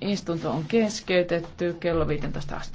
Istunto on keskeytetty kello 15 asti.